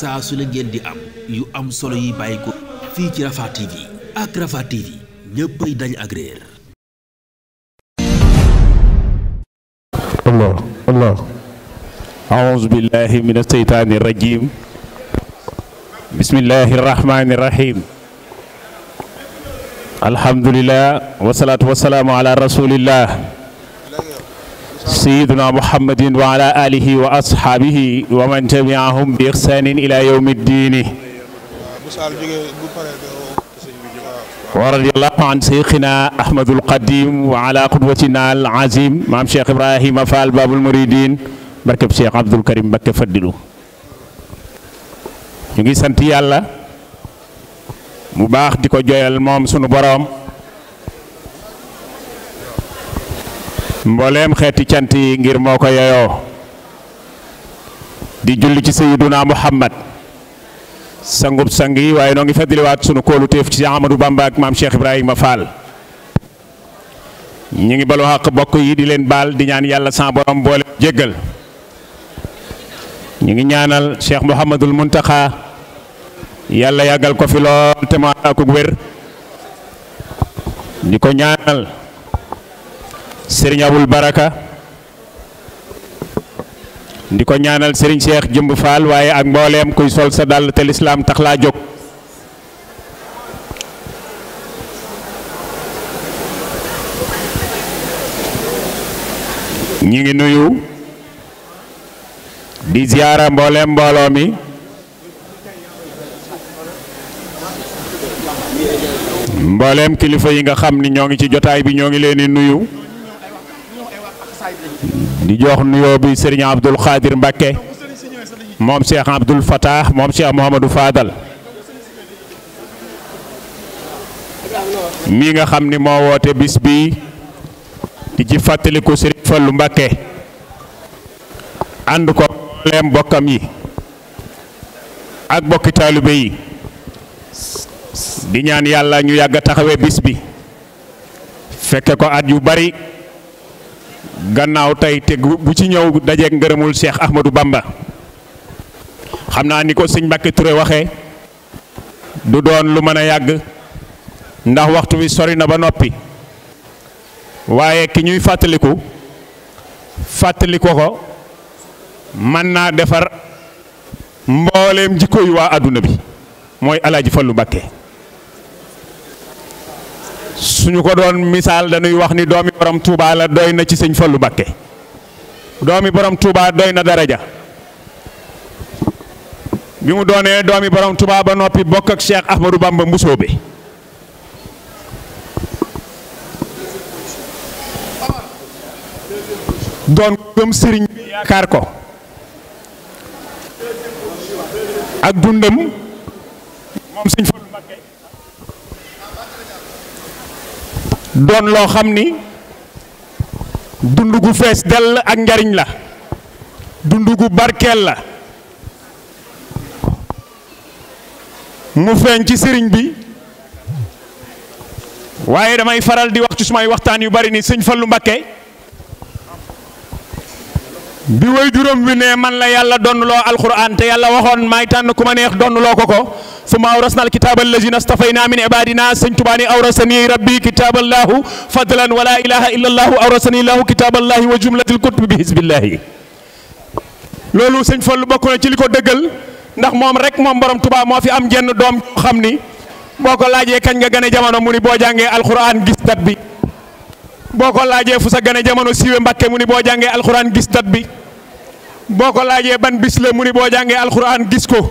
saa su ne ngeen am yu am solo yi bàyyi ko fii ci Rafah TV ak Rafah TV ñëppay dañ ak réer allah allah aouzu billahi min asheytaani rajim bismillahi rahmaani rahim alhamdulillah wasalaatu wasalaamu ala rasulillah sayyidina muhammadin wa ala alihi wa ashaabihi wa man tabiahum bi ihsanin ila yawmi ddiini wa radiyallahu an seyxina ahmadul qadim wa ala qudwatina al azim maam cheikh ibrahima fall babul muridin barkeb cheikh abdul karim Mbakke faddilu ñu ngi sant yàlla mu baax di ko joyal moom sunu boroom mbooleem xeeti cant yi ngir moo ko yeyoo di julli ci sayyiduna muhammad sangub sang yi waaye noo ngi feddaliwaat sunu kóoluteef ci Ahmadou Bamba ak maam Cheikh Ibrahima Fall ñu ngi balu xaq bokk yi di leen baal di ñaan yàlla sa borom boole jéggal ñu ngi ñaanal Cheikh Mouhamadul Muntaxa yàlla yàggal ko fi lool te mu ànd ak di ko ñaanal sëriñ Baraka di ko ñaanal sëriñ Cheikh Jëmb faal waaye ak mbooleem kuy sol sa dàll te lislaam tax laa jóg ñi ngi nuyu di ziyaara mbooleem mbooloo mi mbooleem kilifa yi nga xam ni ñoo ngi ci jotaay bi ñoo ngi leen nuyu di jox nuyoo bi sëriñ Abdul Xaadir Mbàkke moom Cheikh Abdul Fatah moom Cheikh Mouhamadou Fadal mii nga xam ni moo woote bis bi di ci fàttaliku sëriñ Fallu mbakke ànd ko leem bokkam yi ak bokki taalibe yi di ñaan yàlla ñu yàgg a taxawee bis bi fekke ko at yu bari gannaaw tey te bu ci ñëw dajeeg ngërëmul Cheikh Ahmadou Bamba xam naa ni ko sëñ Mbàkke Touré waxe du doon lu mën a yàgg ndax waxtu wi sori na ba noppi waaye ki ñuy fàttaliku fàttaliku ko mën naa defar mbooleem jikko yu waa àdduna bi mooy Alaaji Fallu Mbàkke suñu ko doon misaal dañuy wax ni doomi borom Touba la doy na ci sañ Fallou Mbakke doomi borom tuuba doy na daraja bi mu doonee doomi borom Touba ba noppi bokk ak Cheikh Ahmadou Bamba Mbusoo bi doon gëm sëriñ bi yaakaar ko ak dundam moom sëñ doon loo xam ni dund gu fees dell ak njariñ la dund gu barkeel la mu feeñ ci sëriñ bi waaye damay faral di wax ci sumay waxtaan yu bari ni sëñ Fallou Mbakke bi way juróom bi ne man la yàlla donnuloo alquran te yàlla waxoon maay tànn ku ma neex loo ko ko ma summa awrasna alkitaba allazina astafayna min ibadina sëñ Tuubaa ne awrasani rabbi kitaballahu fadlan wala ilaha illa allahu awrasani lahu kitaballahi wa jumlatil kutubi bi hisbillahi loolu sëñ Fallu bokk na ci li ko dëggal ndax moom rek moom borom Tuubaa moo fi am jenn doom xam ni boo ko laajee kañ nga gane jamono mu ni boo jàngee alquran gis bi boo ko laajee fu sa gane jamono siiwe Mbàkke mu ni boo jàngee alquran gis bi boo ko laajee ban bis la mu ni boo jàngee alxuraan gis ko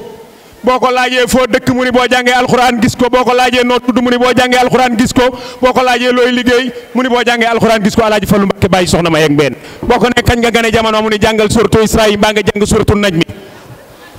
boo ko laajee foo dëkk mu ni boo jàngee alxuraan gis ko boo ko laajee noo tudd mu ni boo jàngee alxuraan gis ko boo ko laajee looy liggéey mu ni boo jàngee alxuraan gis ko alaaji Fallu Mbàkke bàyyi soxna ma yeeg mbeen boo ko ne kañ nga gane jamono mu ni jàngal suratu Israa yi mbaa nga jàng suratu Najm mi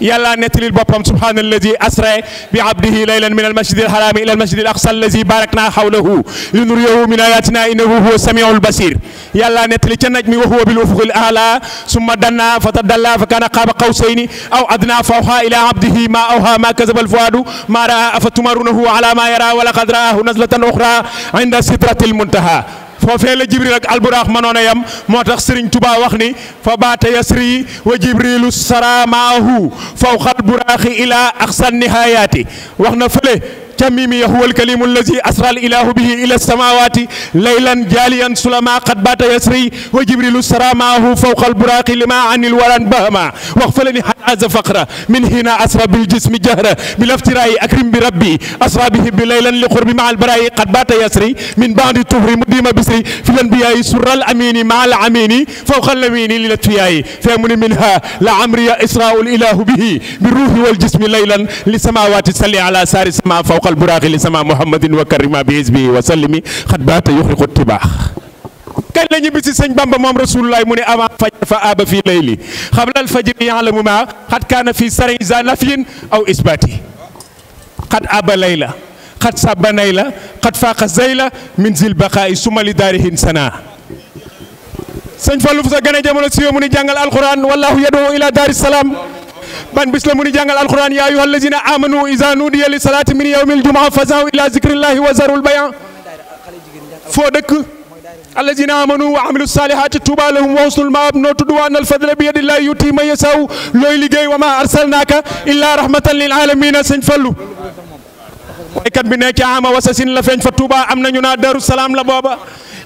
yàlla nettalil boppam subhaana alladi asra bi abdihi laylan min almasjidi alxaraami ila almasjidi alaqsa alladi barakna xawlahu linuriyahu min ayatina innahu huwa samiul basir yàlla nettali ca naj mi wa huwa bil ufuqil aala summa danna fatadalla fa kaana qaaba qawsayni aw adna fa awha ila abdihi ma awha ma kazaba alfuadu ma raa afatumarunahu ala ma yara wa laqad raahu nazlatan uxra inda sidratil muntaha foofee la jibril ak alburaax mënoon a yem moo tax sëriñ tubaa wax ni fa baata yasri wa jibrilu saramaahu fawqal buraaxi ilaa axsan nihayaati wax na fële ca mimi huwa alkalimu allazi asra alilahu bihi ila samawati laylan jaliyan sulama qad baata yasri wa jibrilu saramaahu fawqal buraaxi lima anil waran bahama wax fële ni az faqra min hina asra bil jismi jahra bil aftirai akrim bi rabbi asra bihi bi laylan li qurbi ma al barai qad bata yasri min ba'di tuhri mudima bisri fil anbiya'i surral amini ma al amini fawqa lawini lil atfiyai fa mun minha la amri ya isra'u ilahu bihi bi ruhi wal jismi laylan li samawati salli ala sari sama fawqa al buraqi li sama muhammadin wa karima bi hizbi wa sallimi qad bata yukhriqu ittibah kañ la ñibbi si sëñ Bamba moom rasulullah mu ne avant fajar fa aaba fii layli xablal fajri yaalamu maa xat kaana fii sarin za nafiyin aw isbaati xat aaba layla xat sàbba nayla xat faaqa zayla min zil baqaa'i sumali daarihin sanaa sëñ Fallou sa gën a jamono siiwee mu ni jàngal alquran wallahu yadoo ila daari salaam ban bis la mu ni jàngal alquran yaa ayyuha allazina amanu iza nudiya li salaati min yawmil jumaa fasaw ila zikrillahi wa zarul bayan foo dëkk alladina amanu wa amilu salihati tuuba lahum wa husnul maab noo tudd wa annal fadla bi wa ma arsalnaaka illa rahmatan lil alamina sëñ fallu waykat bi ne ci ama wasasin la fa tuuba am nañu naa daru salaam la booba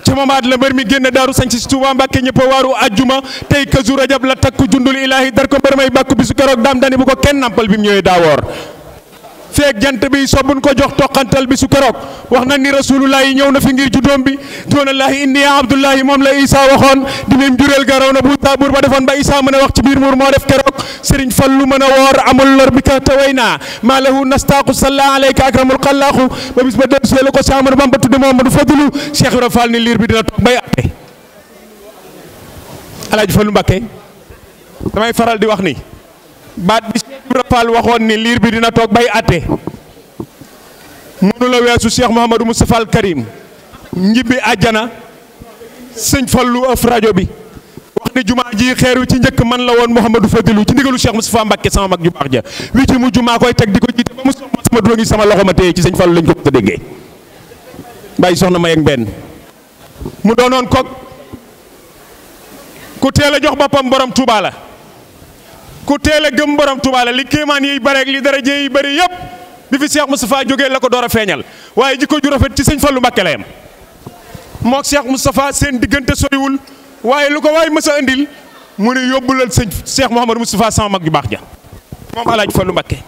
ci mamaat la mbër mi génn daaru sañ si Tuuba Mbàkke ñëpp a waaru ajjuma tey kazu rajab takku jundul ilaahi dar ko mbër may bàkku bisu keroog daam dani bu ko kenn nampal bi mu ñëwee daawoor feek jant bi so ko jox toqantal bi su keroog wax na ni yi ñëw na fi ngir juddoom bi doonallaahi inni ya abdullahi moom la isa waxoon di leen jureel garaw na bu taabur ba defoon ba isa mën a wax ci biir muur moo def keroog sëriñ fallu mën a woor amul lor bi ka taway naa maa lahu nastaaku salla alayka akramul xallaaxu ba bis ba def see la ko saamadu bamba tudd mamadu fadulu cheikh ibra fall ni liir bi dina toog bay atte alaaji fallu di wax ni baat bi Cheikh Ibra waxoon ni liir bi dina toog bay atte mënu la weesu Cheikh Mouhamadou Moustapha al Karim njibbi àjjana sëñ lu ëf rajo bi wax ni jumaa ji xeeru ci njëkk man la woon Mouhamadou Fadilu ci ndigalu Cheikh Moustapha Mbacké sama mag ju baax ja wi ci mu jumaa koy teg di ko jiite ba mu soxma sama dura ngi sama loxo ma téye ci sëñ Fallou lañ ko mos a déggee bàyyi soxna may ak benn mu doonoon ko ku teel a jox boppam borom Touba la ku teel a gëm borom Tuubaa li kéemaan yiy bare ak li daraje yi bëri yëpp bi fi Cheikh Moustapha jógee la ko door feeñal waaye jikko ju rafet ci sëñ Fallu Mbàkke la yam moo Cheikh Moustapha seen diggante soriwul waaye lu ko waay mësa a indil mu ne yóbbulal sëñ Cheikh Mouhamadou Moustapha sama mag ju baax ja moom alaaj Fallu Mbàkke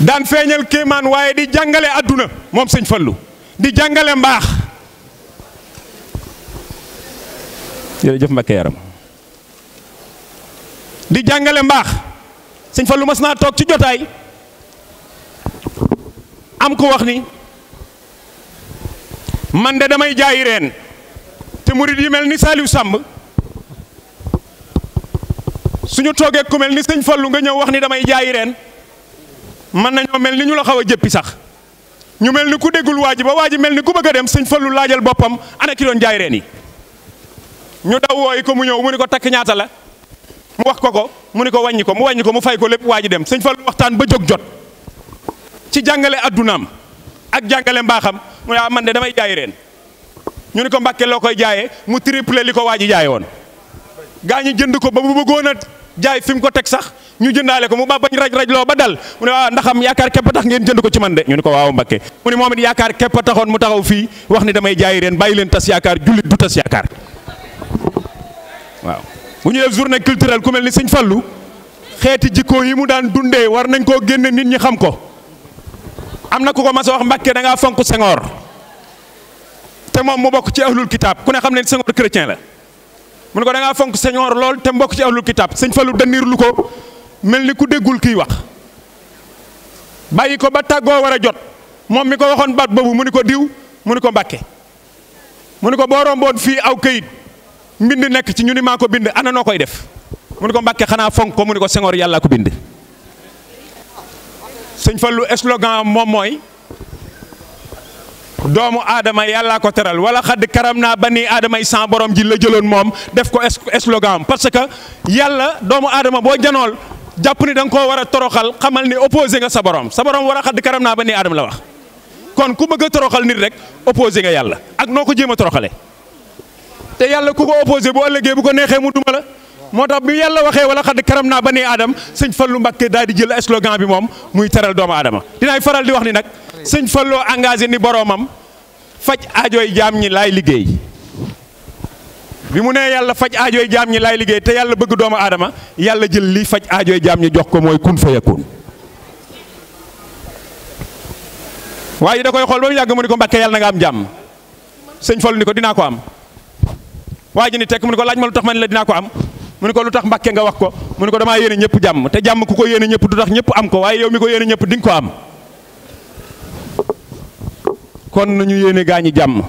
daan feeñal kéemaan waaye di jàngale àdduna moom sëñ Fallu di jàngale mbaax jërëjëf Mbacke yaram di jàngale mbaax sëñ Fallou mas naa toog ci jotaay am ko wax ni man de damay jaayi reen te murid yi mel ni Saliou Samb suñu toogee ku mel ni sëñ Fallou nga ñëw wax ni damay jaayi reen man nañoo mel ni ñu la xaw a jëppi sax ñu mel ni ku déggul waa ji ba waa ji mel ni ku bëgg a dem sëñ Fallou laajal boppam ana ki doon jaay reen yi ñu daw wooyi ko mu ñëw mu ni ko takk ñaata la mu wax ko ko mu ni ko wàññi ko mu wàññi ko mu fay ko lépp waa ji dem sëñ Fallu waxtaan ba jóg jot ci jàngale addunaam ak jàngale mbaaxam mu ne ah, man de damay jaay reen ñu ni ko mbàkke loo koy jaayee mu triplé li ko waa ji jaay woon gaa ñi jënd ko ba bu bëggoon a jaay fi ko teg sax ñu jëndaale ko mu ba bañ raj raj loo ba dal mu ne waaw ah, ndaxam yaakaar képp a tax ngeen jënd ko ci man de ñu ni ko waaw Mbàkke mu ne moom yaakaar képp a taxoon mu taxaw fii wax ni damay jaay reen bàyyi leen tas yaakaar jullit du tas yaakaar waaw bu ñu def journée culturel ku mel ni sëñ Fallou xeeti jikko yi mu daan dundee war nañ koo génne nit ñi xam ko am na ku ko mas wax Mbàkke da ngaa fonk Senghor te moom mu bokk ci ahlul kitaab ku ne xam ne Senghor chrétien la mu ne ko da fonk Senghor lool te mu ci ahlul kitaab sëñ Fallou danir lu ko mel ni ku déggul kiy wax bàyyi ko ba tàggoo war a jot moom mi ko waxoon baat boobu mu ni ko diw mu ni ko Mbàkke mu ni ko boo romboon fii aw kayit mbind nekk ci ñu ni maa ko bind ana noo koy def mu ni ko mbàkke xanaa fonk ko mu ni ko sengoor yàlla ko bind sëñ Fallu slogan moom mooy doomu aadama yàllaa ko teral wala xadd karam naa ba ni aadama yi borom ji la jëloon moom def ko slogan parce que yàlla doomu adama boo janool jàpp ni da nga koo war a toroxal xamal ni opposé nga sa borom sa war a xadd karam naa ba nii aadama la wax kon ku bëgg a toroxal nit rek opposé nga yàlla ak noo ko jéem a toroxalee te yàlla ku ko opposé boo ëllëgee bu ko neexee mu duma la moo tax bi yàlla waxee wala xad karam naa ba bani aadam sëñ Fallou Mbacké daal di jël slogan bi moom muy teral doomu aadama dinaay faral di wax ni nag sëñ Fallou engagé ni boroomam faj aajooy jaam ñi laay liggéey bi mu nee yàlla faj aajooy jaam ñi laay liggéey te yàlla bëgg doomu aadama yàlla jël li faj aajooy jaam ñi jox ko mooy kun fa yakun waaye da koy xool ba mu yàgg mu ni ko mbakke yàlla na nga am jàmm sëñ Fallou ni ko dinaa ko am waa ji ni tekk mu ne ko laaj ma lu tax ma ne la dinaa ko am mu ne ko lu tax mbàkke nga wax ko mu ne ko damaa yéene ñëpp jàmm te jàmm ku ko yéene ñëpp du tax ñëpp am ko waaye yow mi ko yéene ñëpp di ko am kon nañu yéene gaa ñi jàmm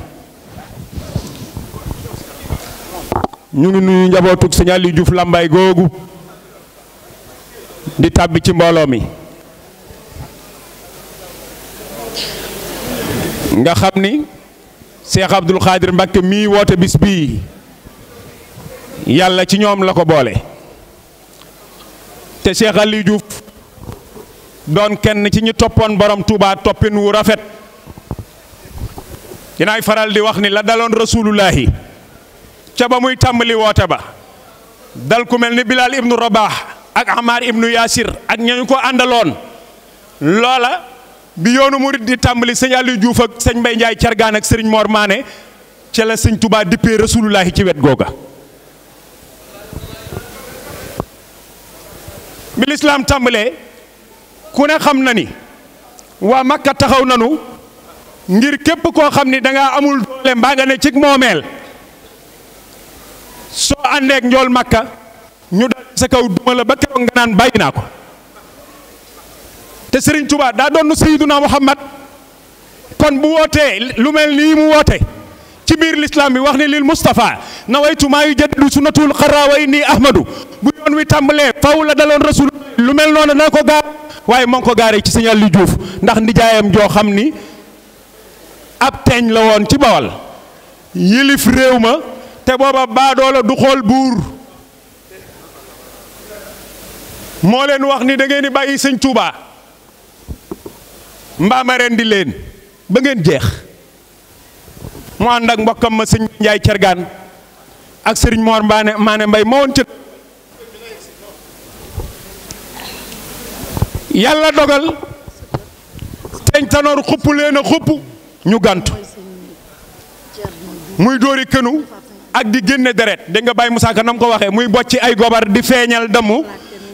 ñu ngi nuyu njabootug sëñ Aliou Diouf Lambaye googu di tàbbi ci mbooloo mi nga xam ni Cheikh Abdoul Khadir Mbacke mii woote bis bii yàlla ci ñoom la ko boole te Cheikh Aliou Diouf doon kenn ci ñu toppoon boroom Touba toppin wu rafet dinaay faral di wax ni la daloon rasulullahi ca ba muy tàmbali woote ba dal ku mel ni Bilal ibnu Rabah ak Amar ibnu Yaasir ak ñañu ko àndaloon loola bi yoonu murid di tàmbali sëñ Aliou Diouf ak sëñ Mbaye Ndiaye Cargaan ak sëriñ Mor Maane ca la sëñ Touba dippee rasulullahi ci wet googa bi lislaam tàmbalee ku ne xam na ni waa Makka taxaw nanu ngir képp koo xam ni danga amul doole mbaa nga ne cig moomeel soo àndeek njool Makka ñu dal sa kaw duma la ba keroog nga naan bàyyi naa ko te Serigne Touba daa doon Seyduna Muhammad kon bu wootee lu mel nii mu woote ci biir lislaam bi wax ne lil Moustapha nawaytu maa yu jaddidu sunnatul xarraa wa inni ahmadu bu yoon wi tàmbalee faw la daloon rasul lu mel noonu na ko gaar waaye moo ngi ko gaaree ci signal li Diouf ndax nijaayam joo xam ni ab teeñ la woon ci bawal yilif réew ma te booba baadoola du xool buur moo leen wax ni da ngeen di bàyyi sëñ tuuba mbaama di leen ba ngeen jeex mu ànd ak mbokkam ma sëñ Njaay Cergaan ak sëriñ Moor Mbaane Maane Mbay ma woon yàlla dogal teñ tanoor xupp leen xupp ñu gant muy dóori kënu ak di génne deret dégg nga Baye Moussa nam ko waxee muy bocci ay gobar di feeñal damu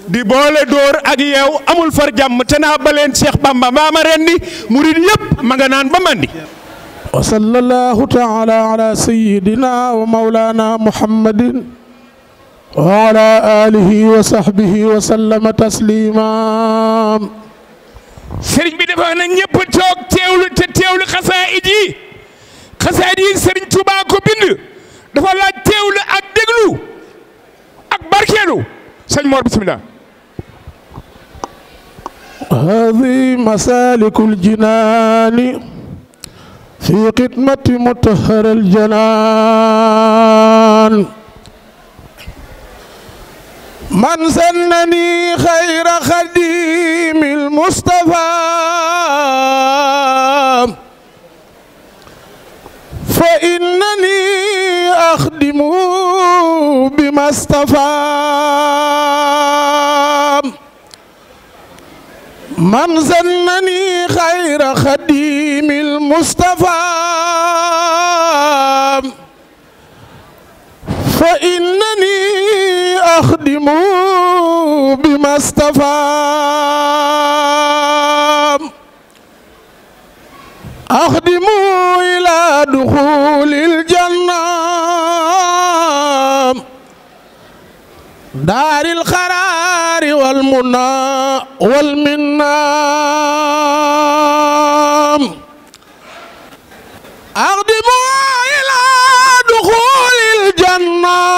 di boole dóor ak yeew amul far jàmm te naa baleen Cheikh Bamba maa ma rendi murid yëpp ma nga naan ba mandi وصلى الله تعالى على سيدنا ومولانا محمد وعلى آله وصحبه وسلم تسليما sëriñ bi dafa na ñëpp toog teewlu te teewlu xasaayid yi xasaayid yi sëriñ Tuubaa ko bind dafa laaj teewlu ak déglu ak barkeelu sëñ Mor bismillah هذه مسالك الجنان في خدمة مطهر الجنان من سنني خير خديم المصطفى فإنني أخدم بما اصطفى من سنني خير خديم المصطفى فإنني أخدم بما اصطفى أخدم إلى دخول الجنة دار القرار والمنى والمنى أقدموا إلى دخول الجنة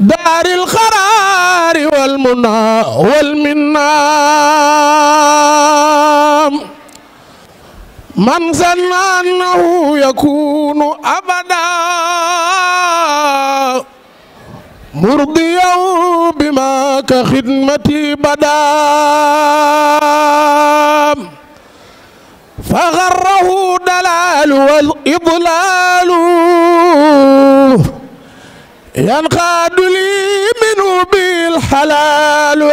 دار القرار والمنى والمنى من ظن أنه يكون أبدا مرضيا بما كخدمتي بدا fa garrahu dalaalu wal idlaalu yanqaadu lii minhu bil halaalu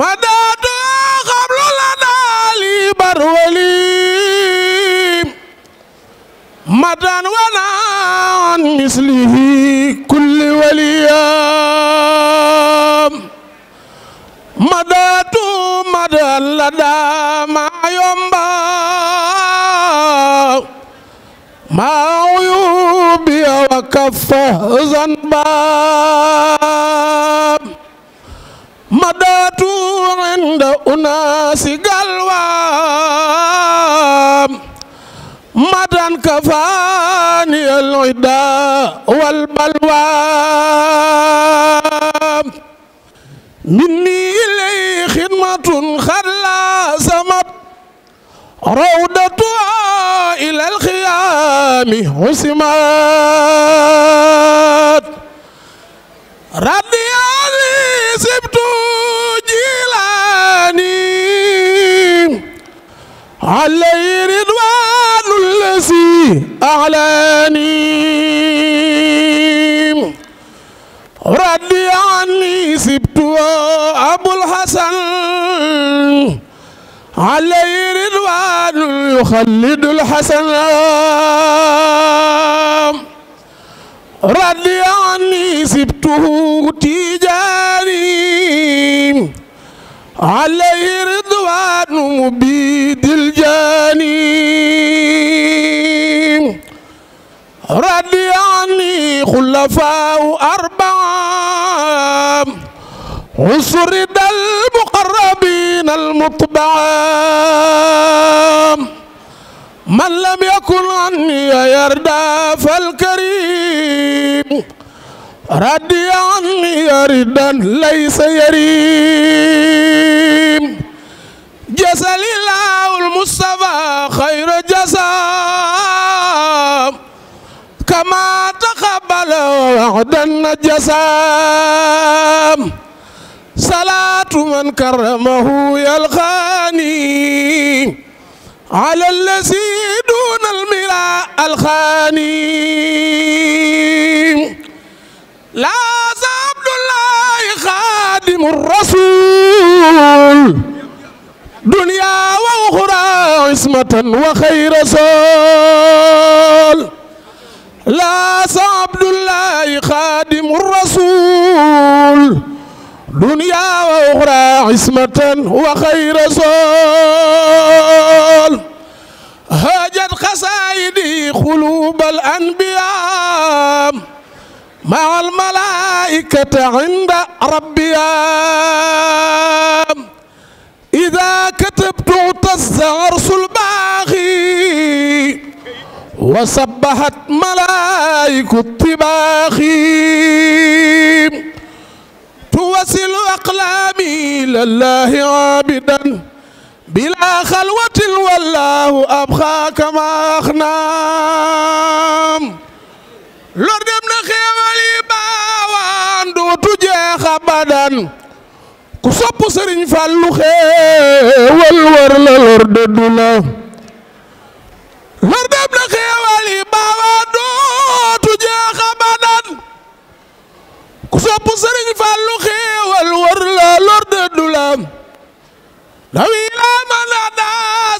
madaatu qablu lanaa lii barwali madan wana an mislihi kulli waliya la dama yomba ma uyubi wa kafa zanba madatu inda unasi galwa madan kafani al-ida wal balwa minni نعمة خد لا سمت روضتها إلى الخيام حسمت رضي سبت جيلاني علي رضوان الذي أعلاني رضي عني سبت أبو الحسن عليه رضوان يخلد الحسن رضي عني سبته تجاري عليه رضوان مبيد الجاني رضي عني خلفاء أربعة أسرد المقربين المطبعة من لم يكن عني يردى فالكريم ردي عني ردا ليس يريم جزى الله المصطفى خير جزاء وعدا النجسام صلاة من كرمه يلقاني على الذي دون المراء الخاني لا عبد الله خادم الرسول دنيا وأخرى عصمة وخير رسول laa sa abdullahi xaadimu rasul dunya wa uxra ismatan wa xayra sol hajat xasaayidi xulubal anbiyaa maa almalaikata inda rabbiyaa ida katabtu tasar وسبحت ملائك الطباخ توسل أقلامي لله عابدا بلا خلوة والله أبخى كما أخنام lor dem na xéewal yi baawaan dootu jeex abadan ku sopp Sëriñ Fallu xéewal war la lor dëddu la war dem na xeewal yi dootu jeex abadan ku sopp sëriñ Fallu xeewal war la lor de du la dawi laa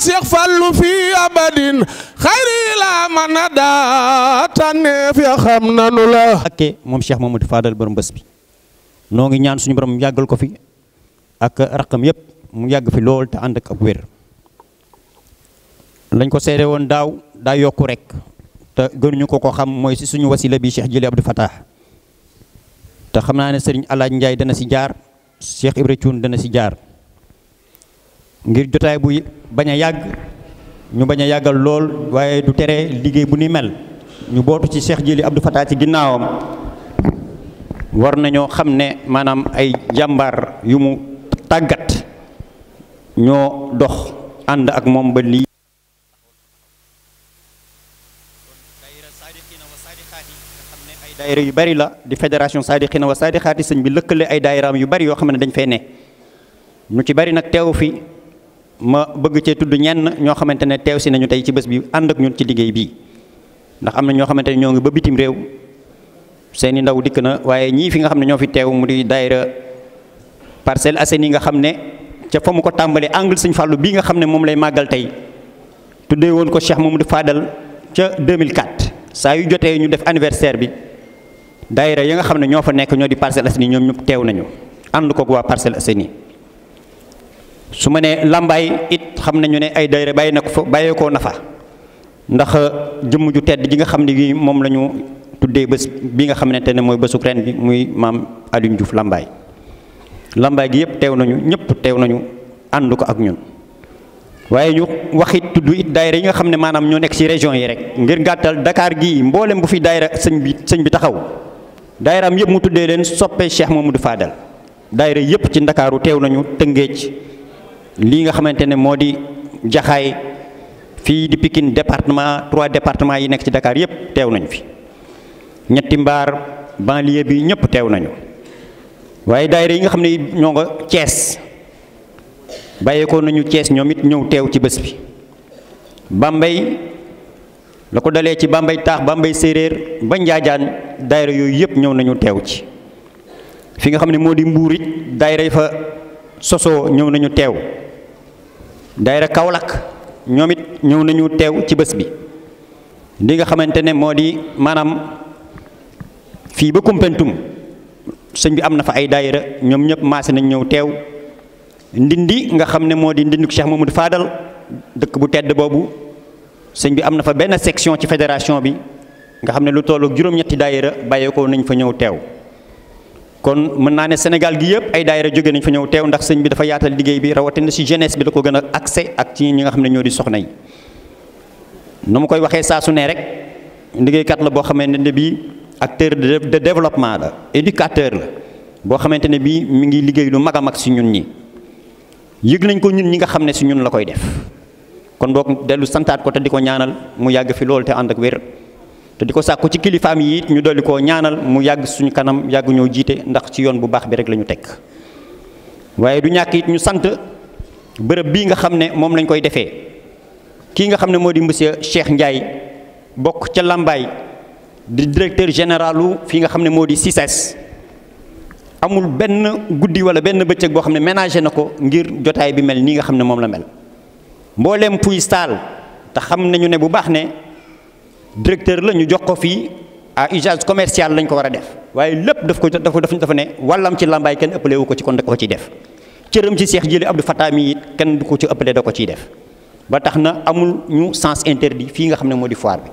Seex Fallu fi abadin xayri laa man a daa ya xam nanu la Mbakke moom Cheikh Mamadou Fadal borom bés bi noo ngi ñaan suñu borom yàggal ko fi ak raqam yëpp mu yàgg fi lool te ànd ak ab lañ ko seede woon daaw daa yokku rek te gënuñu ko ko xam mooy ci suñu wasila bi Cheikh Jili Abdou Fatah te xam naa ne sëriñ Alaaj Njaay dana ci jaar Cheikh Ibra Cuun dana ci jaar ngir jotaay bu bañ a yàgg ñu bañ a yàggal lool waaye du tere liggéey bu ni mel ñu bootu ci Cheikh Jili abdu Fatah ci ginnaawam war nañoo xam ne maanaam ay jàmbar yu mu tàggat ñoo dox ànd ak moom ba lii daayira yu bari la di fédération saadiqina wa saadiqaati sëñ bi lëkkale ay daayiraam yu bari yoo xam ne dañ fay ne ñu ci bari nag teew fi ma bëgg cee tudd ñenn ñoo xamante ne teew si nañu tey ci bés bi ànd ak ñun ci liggéey bi ndax am na ñoo xamante ne ñoo ngi ba bitim réew seeni ndaw dikk na waaye ñii fi nga xam ne ñoo fi teew mu di daayira Parcelles Assainies yi nga xam ne ca fa mu ko tàmbalee angle sëñ Fallou bii nga xam ne moom lay màggal tey tuddee saa yu jotee ñu def anniversaire bi daayira yi nga xam ne ñoo fa nekk ñoo di Parcelles Assainies ñoom ñëpp teew nañu ànd koog waa Parcelles Assainies su ma nee làmbaay it xam nañu ne ay daayira bàyyi na ko fa bàyyeekoo na fa ndax euh, jëmm ju tedd ji nga xam ne bii moom la tuddee bés bi nga xamante ne mooy bésu bi muy maam Alioune Diouf làmbaay làmbaay gi yëpp teew nañu ñëpp teew nañu ànd ko ak ñun. waaye ñu waxit tudd it daayira yi nga xam ne maanaam ñoo nekk ci région yi rek ngir gàttal dakaar gii mboolem bu fi dayre sëñ bi sëñ bi taxaw daayiraam yëpp mu tuddee leen soppee soppe Cheikh Mamadou Fadal daayira yëpp ci ndakaaru teew nañu tëngéej lii nga xamante ne moo di jaxaay fii di Pikine département trois départements yi nekk ci Dakar yëpp teew nañ fi ñetti mbaar banlieue bi ñëpp teew nañu waaye daayira yi nga xam ne ñoo nga Thiès bàyyeekoo nañu Cees ñoom it ñëw teew ci bés bi Bambey la ko dalee ci Bambey taax Bambey séeréer ba Njaajaan daayira yooyu yëpp ñëw nañu teew ci fi nga xam ne moo di Mbuur it daayira yi fa sosoo ñëw nañu teew daayira kawlak ñoom it ñëw nañu teew ci bés bi li nga xamante ne moo di maanaam fii ba Kumpentum sëñ bi am na fa ay daayira ñoom ñëpp maase nañ ñëw teew ndindi nga xam ne moo di ndinduk Cheikh Mamadou faadal dëkk bu tedd boobu sëñ bi am na fa benn section ci fédération bi nga xam ne lu tollu juróom-ñetti daayira bàyyeekoo nañ fa ñëw teew kon mën naa ne Sénégal gi yëpp ay daayira jóge nañ fa ñëw teew ndax sëñ bi dafa yaatal liggéey bi rawatina si jeunesse bi la ko gën a accès ak ci ñi nga xam ne ñoo di soxna yi nu mu koy waxee saa ne rek liggéeykat la boo xamante ne bii acteur de développement la éducateur la boo xamante ne bii mi ngi liggéey lu mag a mag si ñun ñi yëg nañ ko ñun ñi nga xam ne si ñun la koy def kon boog dellu santaat ko te di ko ñaanal mu yàgg fi loolu te ànd ak wér te di ko sàkku ci kilifaam yi it ñu dolli koo ñaanal mu yàgg suñu kanam yàgg ñoo jiite ndax ci yoon bu baax bi rek lañu ñu teg waaye du ñàkk it ñu sant bërëb bii nga xam ne moom lañ koy defee kii nga xam ne moo di monsieur Cheikh Ndiaye bokk ca Lambaay di directeur général fii nga xam ne moo di CICES amul benn guddi wala benn bëccëg boo xam ne ménagé na ko ngir jotaay bi mel nii nga xam ne moom la mel mbooleem puy saal te xam nañu ne bu baax ne directeur la ñu jox ko fii a usage commercial lañ ko war a def waaye lépp daf ko dafa dafa ne wàllam ci làmbaay kenn ëppale wu ko ci kon da ciy def cëram ci seex jële Abdou Fatah mi it kenn du ko ci ëppale da ko ciy def ba tax na amul ñu sens interdit fii nga xam ne moo di foire bi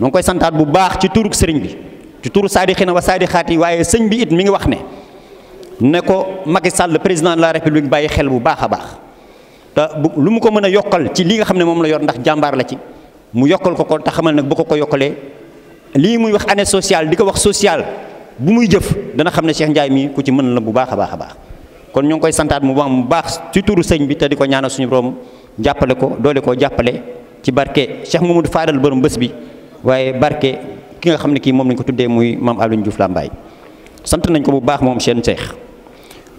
moo ngi koy santaat bu baax ci turuk sëriñ bi ci turu saadi xina waaye sëñ bi it mi ngi wax ne ne ko Macky Sall président de la république bàyyi xel bu baax a baax te bu lu mu ko mën a yokkal ci li nga xam ne moom la yor ndax jàmbaar la ci mu yokkal ko ko te xamal nag bu ko ko yokkalee lii muy wax année sociale di ko wax sociale bu muy jëf dana xam ne Cheikh Ndiaye mii ku ci mën la bu baax a baax a baax kon ñoo ngi koy santaat mu baax mu baax ci turu sëñ bi te di ko ñaana suñu borom jàppale ko doole koo jàppale ci barke Cheikh Mamadou Fadal borom bés bi waaye barke ki nga xam ne kii moom lañ ko tuddee muy maam Alioune Diouf sant nañ ko bu baax moom seen Cheikh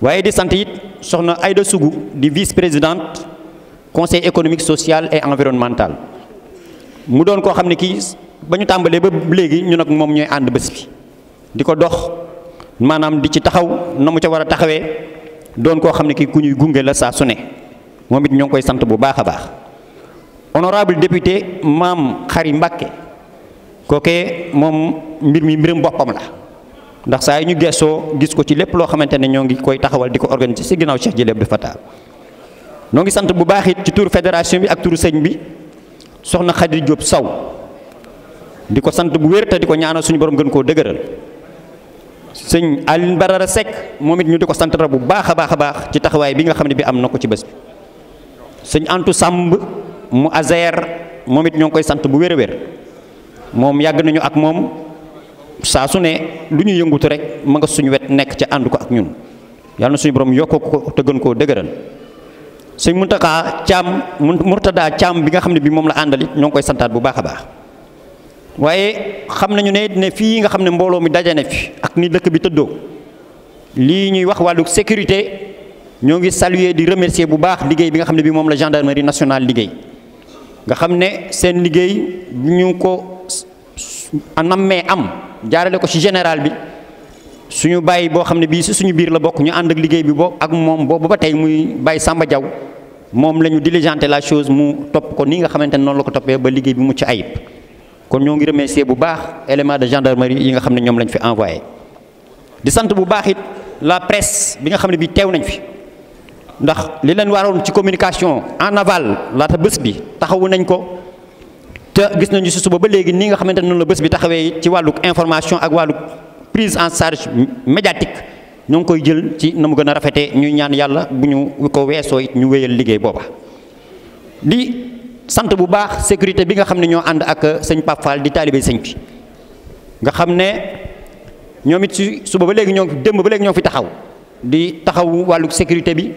waaye di sant it soxna Aïda Sougou di vice président conseil économique social et environnemental mu doon koo xam ne kii ba ñu tàmbalee ba léegi ñun ak moom ñooy ànd bés bi di ko dox maanaam di ci taxaw na mu ca war a taxawee doon koo xam ne kii ku ñuy gunge la saa su ne moom it ñoo ngi koy sant bu baax a baax honorable député maam Xari Mbàkke kookee moom mbir mi mbirum boppam la ndax saa yi ñu gëstoo gis ko ci lépp loo xamante ne ñoo ngi koy taxawal di ko organiser si ginnaaw Cheikh Jili Abdou Fatah ñoo ngi sant bu baax it ci turu fédération bi ak turu sëñ bi soxna Khady Diop Sow di ko sant bu wér te di ko ñaanal suñu boroom gën koo dëgëral sëñ Aline Barara Seck moom it ñu di ko sant bu baax a baax a baax ci taxawaay bi nga xam ne bi am na ko ci bés bi sëñ Antou sàmb mu Azer moom it ñoo ngi koy sant bu wér a wér moom yàgg nañu ak moom. saa su ne lu ñu yëngutu rek ma nga suñu wet nekk ca ànd ko ak ñun yàlla na suñu borom yokk ko te gën koo dëgëral sëñ Muntaxa Caam Murtada Caam bi nga xam ne bi moom la àndal it koy santaat bu baax a baax waaye xam nañu ne ne fii nga xam ne mbooloo mi dajane fi ak ni dëkk bi tëddoo lii ñuy wax wàllu sécurité ñoo ngi saluer di remercier bu baax liggéey bi nga xam ne bi moom la gendarmerie nationale liggéey nga xam ne seen liggéey ñu ko nam nammee am jaarale ko ci général bi suñu bàyyi boo xam ne bii si suñu biir la bokk ñu ànd ak liggéey bi boo ak moom boobu ba tey muy bàyyi Samba jaw moom lañu ñu diligenté la chose mu topp ko ni nga xamante ne noonu la ko toppee ba liggéey bi mucc ayib kon ñoo ngi remercier bu baax élément de gendarmerie yi nga xam ne ñoom lañ fi envoyé di sant bu baax it la presse bi nga xam ne bii teew nañ fi ndax li leen waroon ci communication en aval laata bés bi te gis nañu si suba ba léegi ni nga xamante ne noonu la bés bi taxawee ci wàlluk information ak wàllu prise en charge médiatique ñoo ngi koy jël ci na mu gën a rafetee ñuy ñaan yàlla bu ñu ko weesoo it ñu wéyal liggéey booba di sant bu baax sécurité bi nga xam ne ñoo ànd ak sëñ Pape Fall di nga xam ne ñoom it si suba ba léegi ñoo démb ba léegi ñoo fi taxaw di taxawu wàllu sécurité bi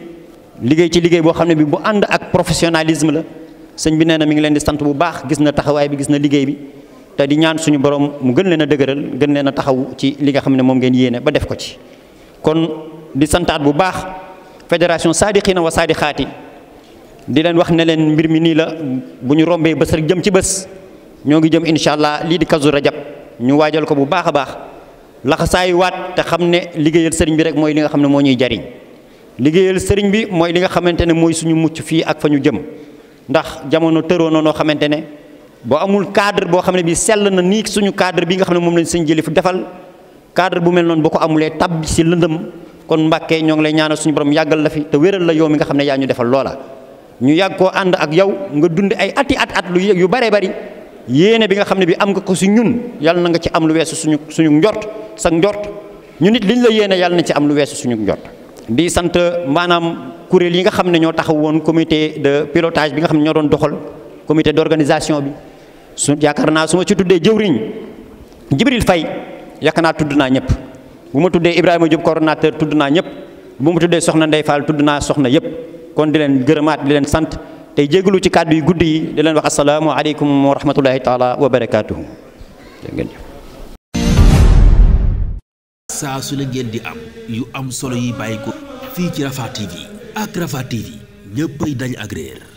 liggéey ci liggéey boo xam ne bi bu ànd ak professionnalisme la sëñ bi nee na mi ngi leen di sant bu baax gis na taxawaay bi gis na liggéey bi te di ñaan suñu borom mu gën leen a dëgëral gën leen a taxaw ci li nga xam ne moom ngeen yéene ba def ko ci. kon di santaat bu baax fédération saadixiina wa xaati di leen wax ne leen mbir mi nii la bu ñu rombee bés rek jëm ci bés ñoo ngi jëm incha allah lii di kazu rajab ñu waajal ko bu baax a baax laxasaayu waat te xam ne liggéeyal sëriñ bi rek mooy li nga xam ne moo ñuy jariñ liggéeyal sëriñ bi mooy li nga xamante ne mooy suñu mucc fii ak fa ñu jëm. ndax jamono tëroo na noo xamante ne boo amul cadre boo xam ne bii sell na nii suñu cadre bi nga xam ne moom lañ sëñ jëli fu defal cadre bu mel noonu boo ko amulee tab si lëndëm kon mbàkkee ñoo ngi lay ñaanal suñu borom yàggal la fi te wéral la yow mi nga xam ne yaa ñu defal loola ñu yàgg koo ànd ak yow nga dund ay ati at at lu yu baree bari yéene bi nga xam ne bi am nga ko si ñun yàlla na nga ci am lu weesu suñu suñu njort sa njort ñu nit liñ la yéene yàlla na ci am lu weesu suñu njort di sant kuréel yi nga xam ne ñoo taxaw woon comité de pilotage bi nga xam ne ñoo doon doxal comité d'organisation bi su yaakaar naa su ma ci tuddee jëwriñ Jibril fay yaakaar naa tudd naa ñëpp bu ma tuddee Ibrahima Diop coordonnateur tudd naa ñëpp bu ma tuddee Soxna Ndeye Fall tudd naa soxna yëpp kon di leen gërëmaat di leen sant tey jégalu ci kàddu yi guddi yi di leen wax asalaamu aleykum wa rahmatullahi taala wa barakaatuhu saa su la di am yu am solo yi bàyyi fii ci Rafah ak Rafah TV ñëppay dañ agréer